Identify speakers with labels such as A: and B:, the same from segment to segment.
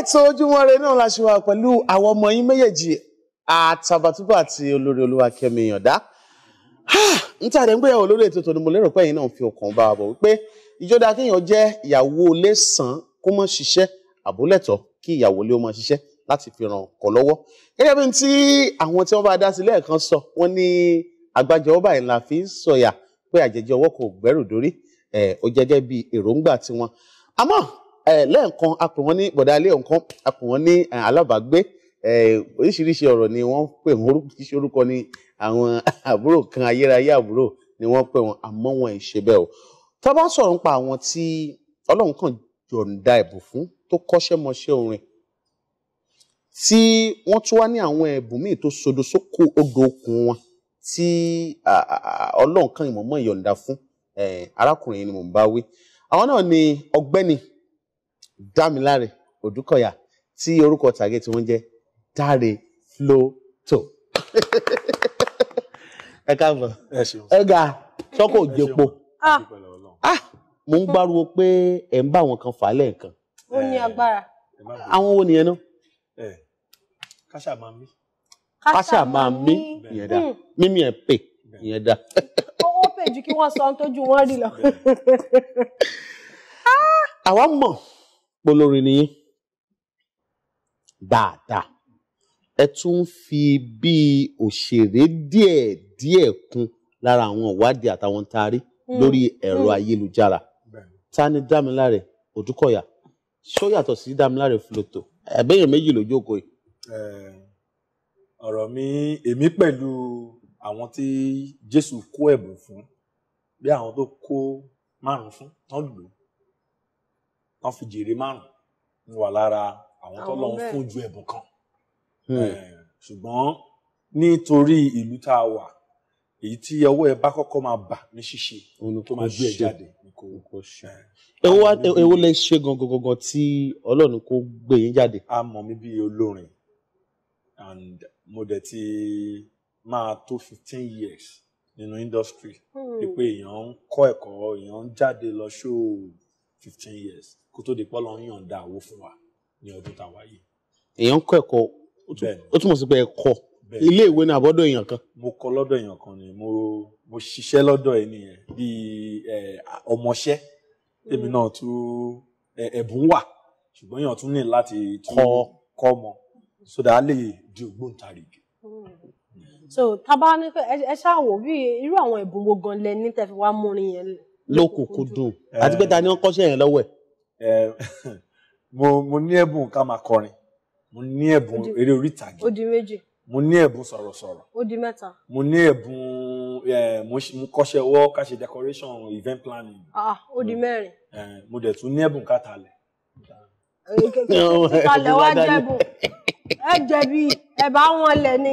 A: ètò ojúmọ́ rẹ náà la ṣe wà pẹ̀lú àwọn ọmọ yín méjèèjì àtàbàtúbà àti olórí olúwa kẹmi ìyàndá níta rẹ̀ ń gbéyàwó lórí ètò tòní mo lérò pé ẹ̀yin náà fi ọkàn bá wa bọ̀ wípé ìjọba kéèyàn jẹ́ ìyàwó ilé sàn kó mọ̀ ṣiṣẹ́ àbólẹ̀tọ̀ kí ìyàwó ilé ó mọ̀ ṣiṣẹ́ láti fi ràn kọ́ lọ́wọ́ gẹ́gẹ́ bí ti àwọn tí wọ́n bá dá sí lẹ́ẹ̀kan sọ wọ́n ní àgbájọ ọba lẹ́ẹ̀kan a pè wọ́n ní bọ̀dá ilé ọ̀kan a pè wọ́n ní alábàágbé oríṣiríṣi ọ̀rọ̀ ni wọ́n pè wọ́n oríṣiríṣi orúkọ ni àwọn àbúrò kan ayérayé àbúrò ni wọ́n pè wọ́n àmọ́ wọn ìṣe bẹ́ẹ̀ o tá a bá sọ̀rọ̀ nípa àwọn tí ọlọ́run kàn yọ̀ǹda ẹ̀bùn fún tó kọ́ṣẹ́mọṣẹ́ orin tí wọ́n tún wá ní àwọn ẹ̀bùn míì tó sodo sóko odò okùn wọn tí ọlọ́run kàn ìmọ̀mọ́ ìyọ̀ǹda fún arákùnrin ni mò ń bá wí àwọn náà ni ọgbẹ́ni dámiláre òdúkọ̀yà tí orúkọ tàgé tí wọ́n jẹ́ dáre flótò ẹ káàbọ̀ ẹ ga sọ́kò jẹ́po mo ń gbárùwò pé ẹ̀ ń bá àwọn kan fà á lẹ́ẹ̀kan.
B: ó ní eh, agbára.
A: àwọn wo nìyẹn náà. káṣà máa mí. káṣà máa mí ìyẹn dá hmm. mímí ẹ̀ pè ìyẹn dá.
B: owó pè ju kí wọ́n sọ ohun tójú wọn rí lọ.
A: àwa mọ̀ polórí ni yín dáadáa ẹ tún ń fi bí òṣèré díẹ̀ díẹ̀ kún lára àwọn ìwádìí àtàwọn tá a rí hmm. lórí ẹ̀rọ hmm. ayélujára ta ni Dámiláre Odúkọ̀yà ṣó yàtọ̀ sí Dámiláre Floto ẹ̀bẹ́yẹn méjì ló jókòó yìí.
C: ọ̀rọ̀ mi èmi pẹ̀lú àwọn tí Jésù kó ẹ̀bùn fún bí àwọn tó kó márùn-ún fún tán lù wọ́n fi jèrè márùn-ún wà lára àwọn tó lọ́n fún ju ẹ̀bùn kan hmm. ṣùgbọ́n nítorí ìlú tá a wà èyí tí ọwọ́ ẹ bá kọ́kọ́ máa bà ní ṣíṣe tó máa gbé ẹ jáde kò ṣe. èwo lẹ
A: ṣe gangan gangan tí ọlọ́run kò gbé yín jáde.
C: a mọ̀ mí bí olórin and mo dẹ̀ ti máa tó fifteen years nínú industry hmm. pé èèyàn ń kọ́ ẹ̀kọ́ èèyàn ń jáde lọ ṣóò fifteen years kó tó di pọ́ lọ́n yọ̀ǹda àwo fún wa ní ọdún tá a wáyé.
A: èèyàn kọ́ ẹ̀kọ́ ó túmọ̀ sí pé ẹ̀kọ́ ilé ìwé ni àbọ́dọ̀ èèyàn kan.
C: mo kọ́ lọ́dọ̀ èèyàn kan ni mo mo ṣiṣẹ́ lọ́dọ̀ ẹ̀ nìyẹn bíi ọmọṣẹ́ èmi náà tún ẹ̀bùn wà ṣùgbọ́n èèyàn tún ní láti kọ́ ọmọ sódà á lè di ògbóǹtarìgì.
B: so tábà ní ẹ ṣáà wò bí irú àwọn ẹ̀bùn wo gan lẹ ní tẹ́ fi wá múrin yẹn lẹ̀
C: lókùnkúndù àti pé ta ni wọ́n kọ́ṣẹ́ yẹn lọ́wọ́ ẹ̀. mo mo ní ẹ̀bùn ká máa kọrin mo ní ẹ̀bùn eré orí ìtàgé ó di méjì mo ní ẹ̀bùn sọ̀rọ̀sọ̀rọ̀ ó di mẹ́ta mo ní ẹ̀bùn mo kọ́ṣẹ́ ọwọ́ ká ṣe decoration event planning
B: ó ah, di mẹ́rin
C: mo dẹ̀ tún ní ẹ̀bùn kátàlẹ̀.
B: ìkàlẹ̀ wá jẹ́bùn ẹ jẹ̀bi ẹ wọn lẹ̀ ni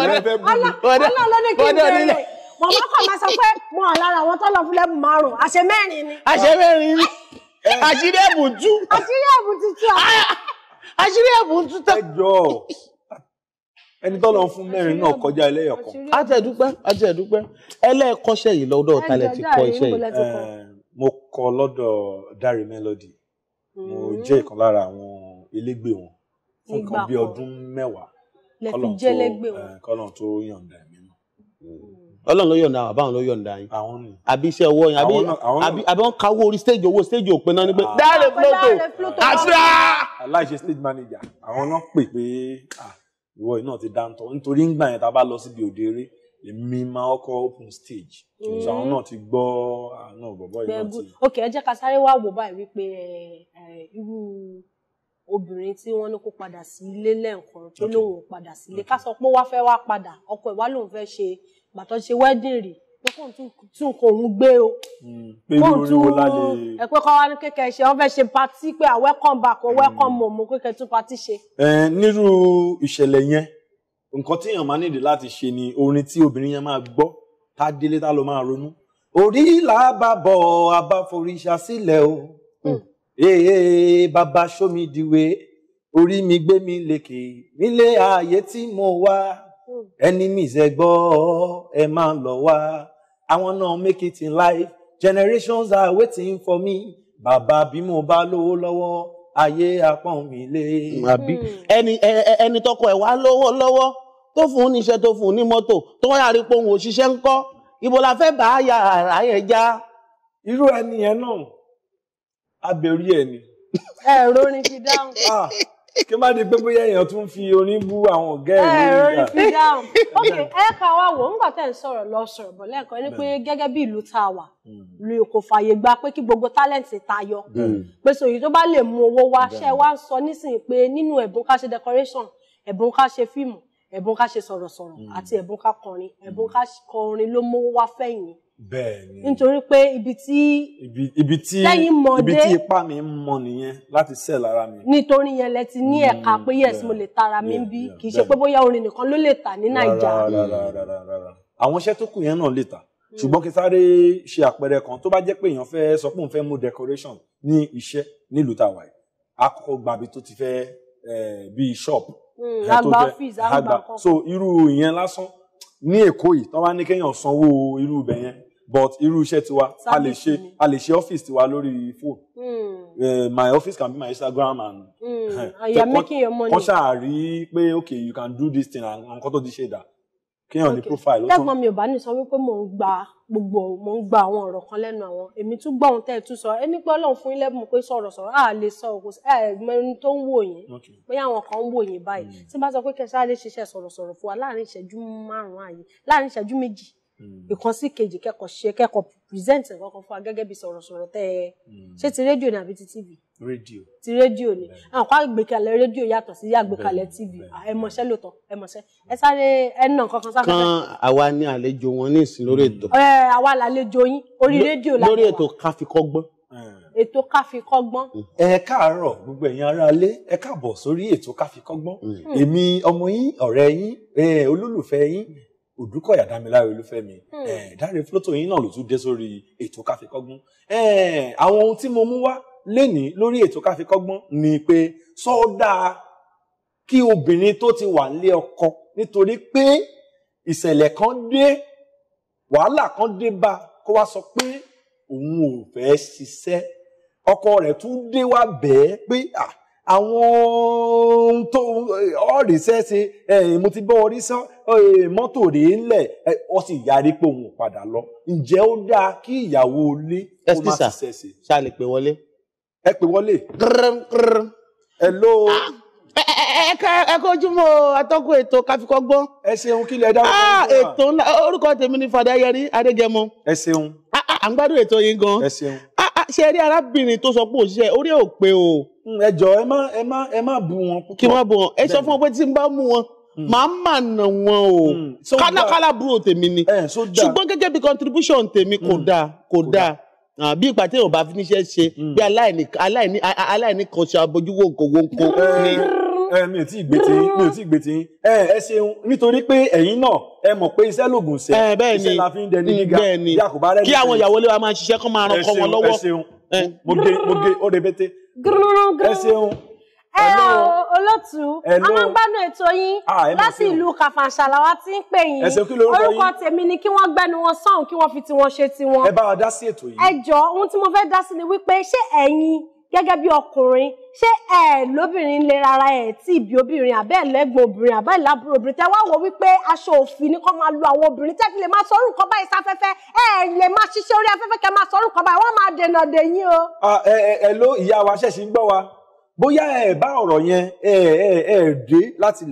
A: ọlọ́ọ̀lọ́ ní kí n bẹ̀rẹ̀
B: màmá kọ̀ máa sọ pé mo hàn lára àwọn tó lọ fún lẹ́bùn márùn-ún àṣẹ ni. àṣẹ ni àṣírí ẹ̀bùn tú. àṣírí ẹ̀bùn tuntun. Ah,
A: àṣírí ẹ̀bùn tuntun. ẹ jọ ẹni tó lọ
C: fún mẹ́rin náà kọjá ẹlẹ́yọ̀ a tẹ̀ dúpẹ́ a tẹ̀ dúpẹ́ ẹlẹ́ẹ̀kọ́ṣẹ́ yìí lọ́dọ̀ ta ti kọ́ iṣẹ́ yìí. mo kọ́ lọ́dọ̀ Dare Melody mo hmm. jẹ́ ìkan lára àwọn elégbè wọn fún kan bí ọdún mẹ́wàá kọ́lọ̀ tó yọ̀ǹda mi náà. Hmm. Ọlọ́run ló yọ̀ǹda àwọn àbáwọn ló yọ̀ǹda yín àbí iṣẹ́ ọwọ́ yín àbí wọ́n kawó orí stage owó stage òpin náà ni pé ah. dáre floto àṣà. aláìṣe stage manager àwọn náà pè pé ìwọ yìí náà ti dáńtọ́ nítorí ńgbà yẹn tá a bá lọ síbi òde eré èmi máa kọ open stage àwọn náà ti gbọ́ àánú bọ̀bọ̀ yìí náà ti.
B: ok ẹ jẹ́ ká sáré wá wò báyìí wípé irú obìnrin tí wọ́n ní kó padà sí ilé lẹ́ẹ̀kan tó lóun padà sílé ká sọ pé wá fẹ́ wá padà ọkọ ẹ̀ wá lóun fẹ́ ṣe bàtọ́ ṣe wedding rè pé kóun
A: tún kò ń gbé
C: o hmm, kóun tún
B: ẹ pé kọ́ wá ní kékeré ṣe wọ́n fẹ́ ṣe patí pé à ah, welcome back o welcome mọ̀ mo kékeré tún patí ṣe.
C: ẹ nírú ìṣẹ̀lẹ̀ yẹn nǹkan tí èèyàn máa nídìí láti ṣe ni orin tí obìnrin yẹn máa gbọ́ tá délé tá lọ máa ronú orí làbàbọ̀ àbáforíṣà sílẹ̀ o ee hmm. bàbá sómi dìwé orí mi gbé mi lékè nílé ààyè tí mo wá enemies ẹ gbọ́ ẹ máa lọ wá àwọn náà make it in life generations are waiting for me bàbá bí mo bá lówó lọ́wọ́ ayé apọ́n mi lé. Hmm. ẹni ẹni tọkọ ẹ wá lówó lọ́wọ́
A: tó fún un níṣẹ́ tó fún un ní mọ́tò tó wọ́n yàrá ipò òun òṣìṣẹ́ ń kọ́ ibo la fẹ́ bá ya ara yẹn
C: já. irú ẹni yẹn náà abẹ́rí ẹ̀ ni. ẹ ronú fi dáhùn. Ah kí má di pé bóyá èèyàn tún fi orin bú àwọn ọ̀gá ẹ̀ lórí ìgbà. ẹ fi
B: dáhùn ok ẹ ká wá wò nígbà tẹ́ ń sọ̀rọ̀ lọ sọ̀rọ̀ bọ̀ lẹ́ẹ̀kan ni pé gẹ́gẹ́ bí ìlú tá a wà hmm. lu kò fààyè gba pé kí gbogbo tálẹ̀ǹtì tayọ pé sòyí tó bá lè mú owó wá ṣe wá ń sọ nísìnyí pé nínú ẹ̀bùn ká ṣe decoration ẹ̀bùn ká ṣe fíìmù ẹ̀bùn ká ṣe sọ̀rọ̀sọ̀rọ̀ hmm. àti ẹ̀bùn ká kọrin hmm. ẹ̀bùn ká kọrin ló mówó wá fẹ̀yìn bẹ́ẹ̀ni nítorí pé ibi tí
C: ibi tí lẹ́yìn mọdé ibi tí ipá mi ń mọ nìyẹn láti sẹ lára mi.
B: nítorí yẹn lẹ ti ní ẹ̀ka hmm, pé yes mo lè tara mi bí kì í ṣe pé bóyá orin nìkan ló lè tà ní nàìjà.
C: àwọn iṣẹ́ tó kù yẹn náà lè tà hmm. ṣùgbọ́n kí sáré ṣe àpẹẹrẹ kan tó bá jẹ́ pé èèyàn fẹ́ sọ pé òun fẹ́ mú decoration ní iṣẹ́ nílùú tàwa yìí akọ́kọ́ gbàbí tó ti fẹ́ bíi shop.
B: àgbà ọ́fíìsì àgbà kan. so
C: irú ìyẹn lásán ní èkó yìí tó bá ní kéèyàn sanwó irú ibẹ̀ yẹn but irú iṣẹ́ tiwa a lè ṣe a lè ṣe office tiwa lórí phone hmm. eh, my office can be my Instagram and
B: mm. and you are making your money
C: kọ́ṣà rí pé okay you can do this thing and nǹkan tó di ṣe dà kéèyàn ní profile. tẹ́gbọ́n
B: mi ò bá ní sọ wípé mò ń gba gbogbo mò ń gba àwọn ọ̀rọ̀ kan lẹ́nu àwọn èmi tún gbọ́ ohun tẹ́ ẹ tún sọ ẹni pé ọlọ́run fún ilé mọ̀ pé sọ̀rọ̀ sọ̀rọ̀ á lè sọ òkú ẹ mẹ́rin tó ń wò yín bóyá àwọn kan ń wò yín báyìí hmm. tí bá sọ pé kẹsàn-án lè ṣiṣẹ́ sọ̀rọ̀ fún wa láàrin ìṣẹ́jú márùn-ún àyè láàrin ìṣẹ́jú méjì ìkànsí mm. kejì kẹ́kọ̀ọ́ ṣe kẹ́kọ̀ọ́ present nǹkan fún wa gẹ́gẹ́ bí sọ̀rọ̀sọ̀rọ̀ tẹ́ ẹ mm. ṣé ti rédíò ni àbí ti tv. rédíò ti rédíò ni àwọn kan àgbékalẹ̀ rédíò yàtọ̀ sí àgbékalẹ̀ tv ẹ mọ̀ṣẹ́ lóòótọ́ ẹ mọ̀ṣẹ́ ẹ sáré ẹ nà nǹkan kan sáfẹ́fẹ́. kan
A: àwa ni àlejò wọn ní ìsìn lórí ètò. Mm.
B: ẹ àwa làlejò yín orí rédíò làwọn wà lórí
C: ètò káfíkọ́gbọ́n
B: ètò káfikọ́gbọ́n.
C: Eh. ẹ káàárọ̀ gbogbo ẹ̀yin aráalé ẹ káàbọ̀ sórí ètò káfikọ́gbọ́n hmm. èmi ọmọ yín ọ̀rẹ́ yín eh, olólùfẹ́ yín òdúkọ̀yà dámiláre olúfẹ́mi hmm. eh, ìdáre flótò yín náà ló tún dé sórí ètò káfíkọ́gbọ́n eh, àwọn ohun tí mo mú wá lénìí lórí ètò káfíkọ́gbọ́n ni pé sọ dáa kí obìnrin tó ti wà nílé ọkọ nítorí pé ìṣẹ̀lẹ̀ kan dé wàhálà kan dé bá kó wá sọ pé òun ò fẹ́ ṣiṣẹ́ ọkọ rẹ̀ tún dé wá bẹ́ẹ̀ pé ah àwọn ohun tó ọ̀rì sẹ́sẹ̀ eh, mo ti bọ́ orí sán eh, mọ́tò rèé ńlẹ̀ ọ eh, sì yarí pé òun padà lọ ǹjẹ́ ó dáa kí ìyàwó ilé ó má ti sẹ́sẹ̀. ṣáà lè pè wọlé. ẹ pè wọlé.
A: hello. ẹ kojúmọ́ atọ́kùn ètò káfíkọ́gbọ́n. ẹ ṣeun kí lẹ dá wọn. ètò orúkọ tèmi ni fàdáyẹrí adégẹmọ. ẹ ṣeun. à ń gbádùn ètò yìí gan. ẹ ṣeun ṣe rí arábìnrin tó sọ pé òṣìṣẹ́ orí ò pé o. Hmm, ẹ jọ ẹ má ẹ má ẹ má bú wọn. kí wọn bú wọn ẹ sọ fún wọn pé tí n bá mú wọn hmm. màá mà nà wọn o hmm, kánákálá burú tèmi ni eh, ṣùgbọ́n gẹ́gẹ́ bí contribution tèmi kò dáa kò dáa bí ìgbà tí èèyàn bá fi ṣe bí aláìní aláìní aláìní kan ṣe abojú
C: wo nǹkan Eh, mi ò tí ì gbé ti yín mi ò tí ì gbé ti yín ẹ eh, ẹ ṣeun nítorí pé ẹ̀yin náà ẹ mọ̀ pé iṣẹ́ lògùn ṣe eh, iṣẹ́ la fi ń dẹni gíga bí àkùbá rẹ̀ kí àwọn ìyàwó lè wa máa ṣiṣẹ́ kó máa ran kọ́ wọn lọ́wọ́. ẹ ṣeun mo ge mo ge ó rebete. ẹ ṣeun. ẹ o
B: olótú amágbánú ètò yín ah, láti ìlú kàfàǹṣàlà wa ti ń pè yín orúkọ tèmi ni kí wọ́n gbẹ́nu wọn sọ́hùn kí wọ́n fi tiwọn ṣe tiwọn. ẹ bá wa dá sí ètò yìí. ẹ jọ ohun tí mo fẹ́ ni gẹ́gẹ́ bí ọkùnrin ṣé ẹ lóbìnrin lè rárá ẹ tí ìbí obìnrin àbẹ́ ẹ̀lẹ́gbọ̀n obìnrin àbẹ́ ìlàbúrò obìnrin tẹ́ wá wò wípé aṣọ òfin ni kọ́ máa lu àwọn obìnrin tẹ́ fi lè máa sọ̀rọ̀ nǹkan báyìí sáfẹ́fẹ́ ẹ lè máa ṣiṣẹ́ orí afẹ́fẹ́ kẹ́ máa sọ̀rọ̀ nǹkan báyìí wọ́n máa dènà dè yín o.
C: ẹ ẹ ló ìyá wa ṣẹ̀ṣin gbọ́ wa bóyá ẹ bá ọ̀rọ̀ yẹn ẹ ẹ ẹ dé láti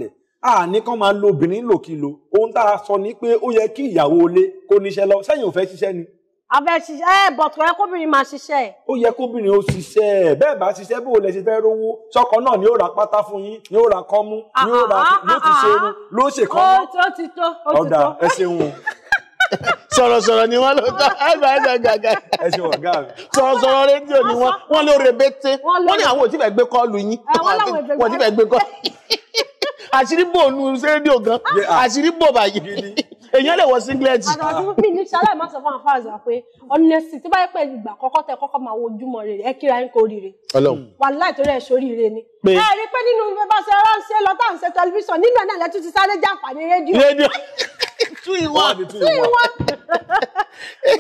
C: a sọ ni pé ó yẹ kí ìyàwó ilé kó níṣẹ́ lọ sẹ́yìn ò
B: abẹ ṣiṣẹ́ ẹ bọtọ ẹ kóbìnrin máa ṣiṣẹ́ ẹ.
C: ó yẹ kóbìnrin ó ṣiṣẹ́ bẹ́ẹ̀ bá ṣiṣẹ́ bó lẹ ṣe fẹ́ rówó sọkọ náà ni ó ra pátá fún yín ni ó ra kọ́mú ni ó ra ló ah, ah, ti ah, ṣe irun ló ṣe kọ́mú. ó
A: ti tó ó ti tó. ọ̀dà
C: ẹ ṣeun
A: sọ̀rọ̀sọ̀rọ̀ ni wọ́n ló dá ẹgbẹ̀ẹ́sẹ̀ gàgà ẹ̀sìn ọ̀gá mi sọ̀rọ̀sọ̀rọ̀ rédíò ni wọ́n wọ́n ló rebete wọ́n ní àwọn òtífẹ̀ gbé kọ́ọ̀lù yín eh, wọ́n òtífẹ̀ gbé kọ́ọ̀lù àṣírí bò nu rédíò gan àṣírí bò báyìí èèyàn lè wọ singlet. àgbàdo mi
B: ní ṣáláì má sọ fún àwọn fáwọn pé honestly tó bá yẹ pé ìgbà kọ́kọ́ tẹ kọ́kọ́ máa wo ojúmọ́ rere ẹ kíra yín kó rire. wàláì torí ẹ̀ sórí rire ni. ẹ rí i pé nínú bẹ́ẹ̀ bá ṣe ránṣẹ́ lọ́tà ń ṣe tẹlifíṣàn nínú ẹ̀ náà lẹ́tún ti sáré jàǹfààní rédíò. rédíò two in one. two in one.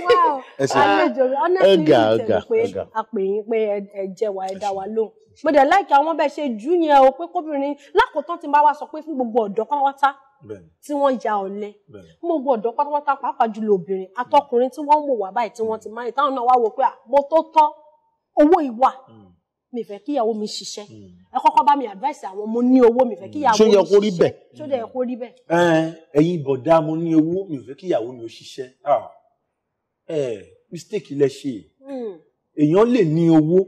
B: wow àlejò rẹ honestly tẹ̀lé pé àpèyìn pé ẹ jẹ́ wa ẹ dá wa lóhùn mo dẹ̀ láìka àwọn bẹ́ẹ̀ ṣe jù yẹn o pé kóbìnrin lákòótán ti máa wá sọ pé fún gbogbo ọ̀dọ́ pátápátá tí wọ́n ya ọ̀lẹ fún gbogbo ọ̀dọ́ pátápátá pàápàá jùlọ obìnrin àtọkùnrin tí wọ́n mọ̀ wá báyìí tí wọ́n ti máa yìí táwọn náà wá wò pé mo tó tán owó ìwà mi fẹ́ kíyàwó mi ṣiṣẹ́ hmm. ẹ kọ́kọ́ bá mi advice àwọn mo ní owó mi fẹ́ kíyàwó mi ṣiṣẹ́ ṣó yẹ kó rí bẹ́ẹ̀ ṣó yẹ kó rí
C: bẹ́ẹ̀. ẹ̀yin bọ̀dá mo ní owó mi fẹ́ kíyàwó mi ò ṣiṣẹ́ ẹ mistake lẹ ṣe hmm. èèyàn lè ní owó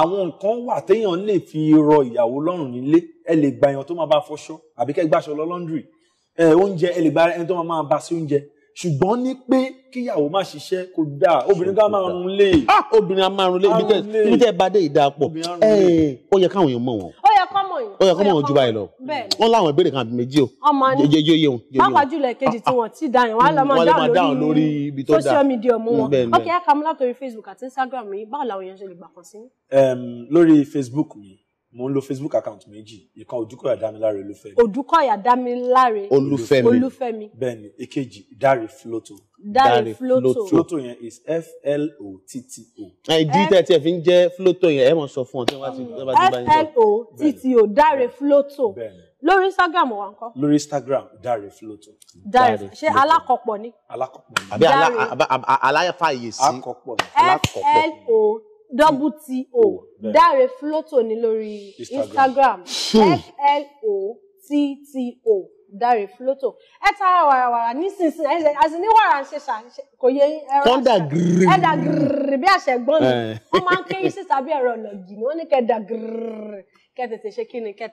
C: àwọn nǹkan wà téèyàn lè fi rọ ìyàwó lọ́rùn nílé ẹ lè gba èèyàn tó máa bá fọṣọ àbí gbàṣọ lọ laundry oúnjẹ ẹ lè gba ẹni tó máa bá sí oúnjẹ ṣùgbọ́n ní pé kíyàwó má ṣiṣẹ́ kò dáa obìnrin ká máa run lé. Ah, obìnrin á máa run lé ibi tẹ́ ẹ bá dé ìdá pọ̀ eh, ó yẹ
A: káwọn èèyàn mọ̀ wọ́n.
B: ó yẹ kán mọ̀ yín. ó yẹ kán mọ̀ wọ́n ju báyìí lọ. wọ́n
A: láwọn ìbéèrè kan àbí méjì o.
B: ọmọ ni jẹjẹ yé wọn. pàápàá jùlọ èkejì ah, ah. tí wọn ti dáhùn wọn á lọ máa dáhùn lórí
C: ibi tó dáa social media mú wọn. Mm, ok ẹ
B: kà mú látòrí Facebook àti Instagram yìí báwo làwọn èèyàn ṣe lè gbà kàn sí.
C: lórí Facebook mi mo ń lo facebook account méjì ìkan odúkọ̀yà dámiláre olúfẹ́mi.
B: odúkọ̀yà dámiláre olúfẹ́mi olúfẹ́mi
C: bẹ́ẹ̀ni èkejì dare floto. dare floto floto yẹn is f
A: l o t t o. ìdí tẹ́ tí ẹ fi ń jẹ́ floto yẹn ẹ mọ̀ sọ fún ọ tí wọ́n ti bá yín sọ. f
B: l o t t o dare floto lórí instagram wa ńkọ́.
A: lórí instagram dare floto. dare ṣé
B: alákọ̀pọ̀ ni.
A: alákọ̀pọ̀ ni. àbí aláyàfàyèsí. akọ̀pọ̀ ni. f
B: l o t t o double t o oh, dáre floto ni lórí
A: instagram
B: f-l-o-t-t-o dáre floto ẹ tara warawara nísinsìnyí ẹ àti ní wàrà ń ṣe ṣàṣe kò yẹ ẹran ṣe ẹdà gírì ẹdà gírì bí àṣẹgbọn mi eh. wọn máa ń kéyí síta bí ẹ̀rọ ọ̀nà jì ni wọn ní kẹdà gírì kẹ ṣe kí ni kẹ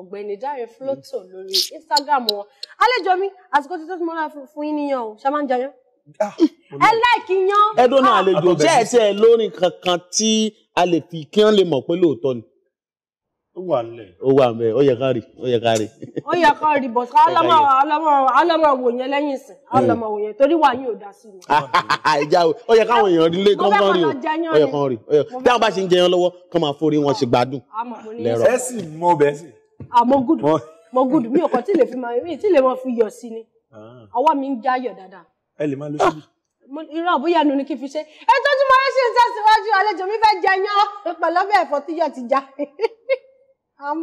B: ọ̀gbẹ́ni dáre floto lórí instagram wọn àlejò mi àsìkò tuntun mo rà fún yín níyàn o ṣe máa ń jẹun. Ah, ẹ láìkí yan.
A: ẹ dóná ah. àlejò jẹ́ ẹ tí ẹ lórin kankan tí a lè fi kí wọ́n lè mọ̀ pé lóòótọ́ ni. ó wà nílẹ̀. ó wà nílẹ̀ ó yẹ ká rí ó yẹ ká rí. ó
B: yẹ ká rí bọ̀ sá ọlọ́mọ ọlọ́mọ ọlọ́mọ wò yẹn lẹ́yìn ìsìn ọlọ́mọ wò yẹn torí wà yín ò dá sí mi.
A: Ah, ìjà o ó yẹ káwọn èèyàn ilé kan kán rí o ó yẹ kán rí o tí àwọn bá ṣe ń jẹyàn lọ́wọ́ kán máa forí wọn ṣe gbádùn
B: lẹ́rọ. ẹ sì mọ bẹ́ẹ̀
C: ẹ lè máa lo ah, ṣíbí.
B: irọ́ bóyá ẹnu ni kí n fi ṣe ẹ tọ́jú mọ́ sí ń tẹ̀síwájú àlejò mi fẹ́ jẹyàn pẹ̀lú ọbẹ̀ ẹ̀fọ́ tíyọ̀ ti já à ń